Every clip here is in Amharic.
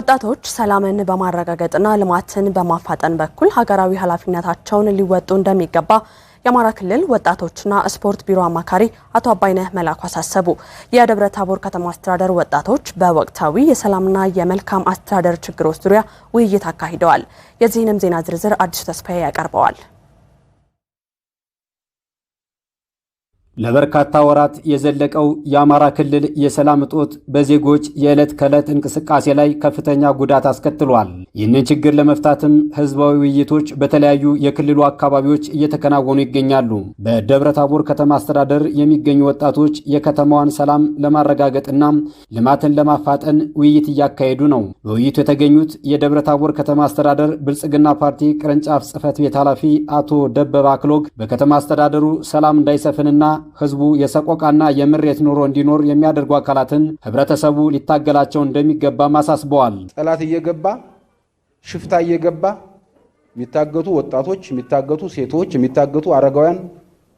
ወጣቶች ሰላምን በማረጋገጥና ልማትን በማፋጠን በኩል ሀገራዊ ኃላፊነታቸውን ሊወጡ እንደሚገባ የአማራ ክልል ወጣቶችና ስፖርት ቢሮ አማካሪ አቶ አባይነህ መላኩ አሳሰቡ። የደብረ ታቦር ከተማ አስተዳደር ወጣቶች በወቅታዊ የሰላምና የመልካም አስተዳደር ችግሮች ዙሪያ ውይይት አካሂደዋል። የዚህንም ዜና ዝርዝር አዲሱ ተስፋዬ ያቀርበዋል። ለበርካታ ወራት የዘለቀው የአማራ ክልል የሰላም እጦት በዜጎች የዕለት ከዕለት እንቅስቃሴ ላይ ከፍተኛ ጉዳት አስከትሏል። ይህንን ችግር ለመፍታትም ህዝባዊ ውይይቶች በተለያዩ የክልሉ አካባቢዎች እየተከናወኑ ይገኛሉ። በደብረ ታቦር ከተማ አስተዳደር የሚገኙ ወጣቶች የከተማዋን ሰላም ለማረጋገጥና ልማትን ለማፋጠን ውይይት እያካሄዱ ነው። በውይይቱ የተገኙት የደብረ ታቦር ከተማ አስተዳደር ብልጽግና ፓርቲ ቅርንጫፍ ጽህፈት ቤት ኃላፊ አቶ ደበበ አክሎግ በከተማ አስተዳደሩ ሰላም እንዳይሰፍንና ህዝቡ የሰቆቃና የምሬት ኑሮ እንዲኖር የሚያደርጉ አካላትን ህብረተሰቡ ሊታገላቸው እንደሚገባም አሳስበዋል። ጠላት እየገባ ሽፍታ እየገባ የሚታገቱ ወጣቶች፣ የሚታገቱ ሴቶች፣ የሚታገቱ አረጋውያን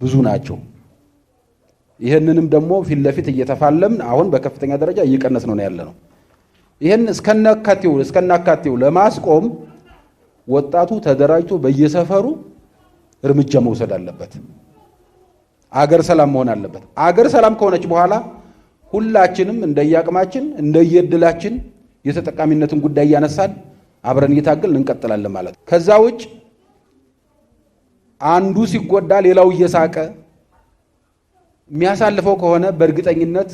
ብዙ ናቸው። ይህንንም ደግሞ ፊት ለፊት እየተፋለምን አሁን በከፍተኛ ደረጃ እየቀነስ ነው ያለ ነው። ይህን እስከናካቴው እስከናካቴው ለማስቆም ወጣቱ ተደራጅቶ በየሰፈሩ እርምጃ መውሰድ አለበት። አገር ሰላም መሆን አለበት። አገር ሰላም ከሆነች በኋላ ሁላችንም እንደየአቅማችን እንደየእድላችን የተጠቃሚነትን ጉዳይ እያነሳን አብረን እየታገልን እንቀጥላለን ማለት ነው። ከዛ ውጭ አንዱ ሲጎዳ ሌላው እየሳቀ የሚያሳልፈው ከሆነ በእርግጠኝነት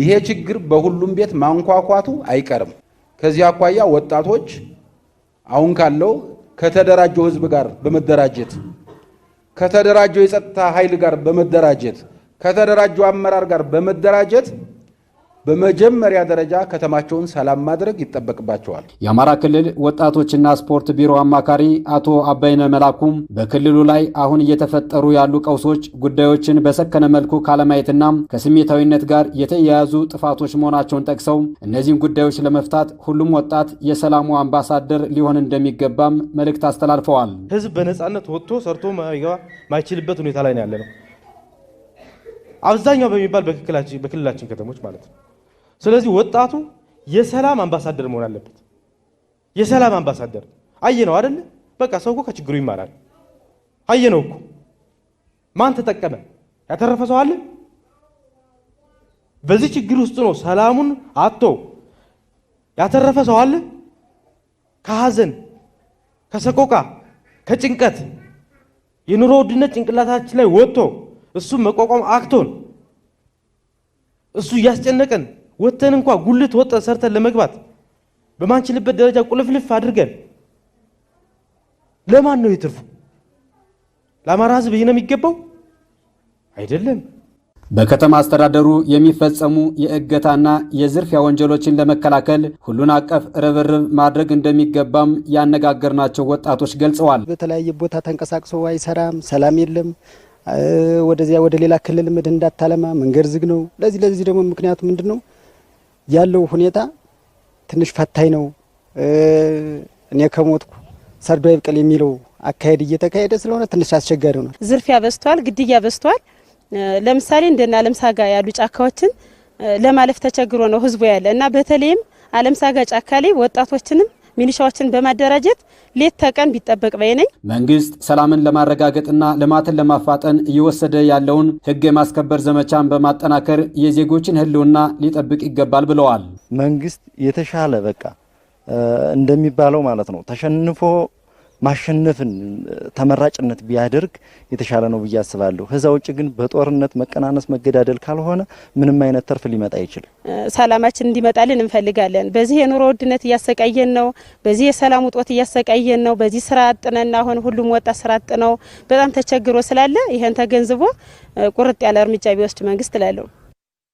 ይሄ ችግር በሁሉም ቤት ማንኳኳቱ አይቀርም። ከዚህ አኳያ ወጣቶች አሁን ካለው ከተደራጀው ህዝብ ጋር በመደራጀት ከተደራጀው የጸጥታ ኃይል ጋር በመደራጀት ከተደራጀው አመራር ጋር በመደራጀት በመጀመሪያ ደረጃ ከተማቸውን ሰላም ማድረግ ይጠበቅባቸዋል። የአማራ ክልል ወጣቶችና ስፖርት ቢሮ አማካሪ አቶ አባይነ መላኩም በክልሉ ላይ አሁን እየተፈጠሩ ያሉ ቀውሶች ጉዳዮችን በሰከነ መልኩ ካለማየትና ከስሜታዊነት ጋር የተያያዙ ጥፋቶች መሆናቸውን ጠቅሰው እነዚህን ጉዳዮች ለመፍታት ሁሉም ወጣት የሰላሙ አምባሳደር ሊሆን እንደሚገባም መልእክት አስተላልፈዋል። ህዝብ በነፃነት ወጥቶ ሰርቶ ማይችልበት ሁኔታ ላይ ነው ያለ ነው አብዛኛው በሚባል በክልላችን ከተሞች ማለት ነው። ስለዚህ ወጣቱ የሰላም አምባሳደር መሆን አለበት። የሰላም አምባሳደር አየ ነው አይደለ? በቃ ሰው እኮ ከችግሩ ይማራል። አየ ነው እኮ ማን ተጠቀመ? ያተረፈ ሰው አለ? በዚህ ችግር ውስጥ ነው ሰላሙን አጥቶ ያተረፈ ሰው አለ? ከሐዘን ከሰቆቃ ከጭንቀት የኑሮ ውድነት ጭንቅላታችን ላይ ወጥቶ እሱን መቋቋም አክቶን እሱ እያስጨነቀን ወተን እንኳ ጉልት ወጥተን ሰርተን ለመግባት በማንችልበት ደረጃ ቁልፍልፍ አድርገን ለማን ነው የትርፉ? ለአማራ ህዝብ ይህ ነው የሚገባው? አይደለም። በከተማ አስተዳደሩ የሚፈጸሙ የእገታና የዝርፊያ ወንጀሎችን ለመከላከል ሁሉን አቀፍ ርብርብ ማድረግ እንደሚገባም ያነጋገርናቸው ወጣቶች ገልጸዋል። በተለያየ ቦታ ተንቀሳቅሶ አይሰራም፣ ሰላም የለም። ወደዚያ ወደ ሌላ ክልል ምድህ እንዳታለማ መንገድ ዝግ ነው። ለዚህ ለዚህ ደግሞ ምክንያቱ ምንድን ነው? ያለው ሁኔታ ትንሽ ፈታኝ ነው። እኔ ከሞትኩ ሰርዶ ይብቀል የሚለው አካሄድ እየተካሄደ ስለሆነ ትንሽ አስቸጋሪ ነው። ዝርፊያ በዝቷል፣ ግድያ በዝቷል። ለምሳሌ እንደና አለምሳጋ ጋ ያሉ ጫካዎችን ለማለፍ ተቸግሮ ነው ህዝቡ ያለ እና በተለይም አለምሳ ጋ ጫካ ላይ ወጣቶችንም ሚሊሻዎችን በማደራጀት ሌት ተቀን ቢጠበቅ ባይ ነኝ። መንግስት ሰላምን ለማረጋገጥና ልማትን ለማፋጠን እየወሰደ ያለውን ህግ የማስከበር ዘመቻን በማጠናከር የዜጎችን ህልውና ሊጠብቅ ይገባል ብለዋል። መንግስት የተሻለ በቃ እንደሚባለው ማለት ነው ተሸንፎ ማሸነፍን ተመራጭነት ቢያደርግ የተሻለ ነው ብዬ አስባለሁ። ከዛ ውጭ ግን በጦርነት መቀናነስ፣ መገዳደል ካልሆነ ምንም አይነት ተርፍ ሊመጣ አይችልም። ሰላማችን እንዲመጣልን እንፈልጋለን። በዚህ የኑሮ ውድነት እያሰቃየን ነው። በዚህ የሰላም ውጦት እያሰቃየን ነው። በዚህ ስራ አጥነና አሁን ሁሉም ወጣት ስራ አጥነው በጣም ተቸግሮ ስላለ ይህን ተገንዝቦ ቁርጥ ያለ እርምጃ ቢወስድ መንግስት ላለው